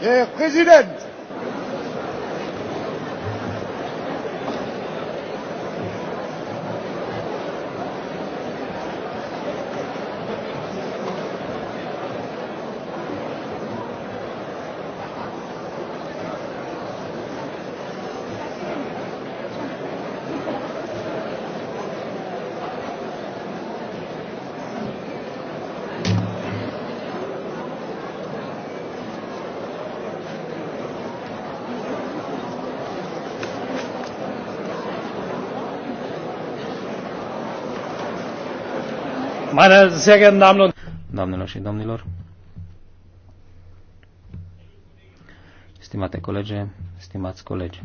Herr Präsident! Doamnelor și domnilor, stimate colege, stimați colegi,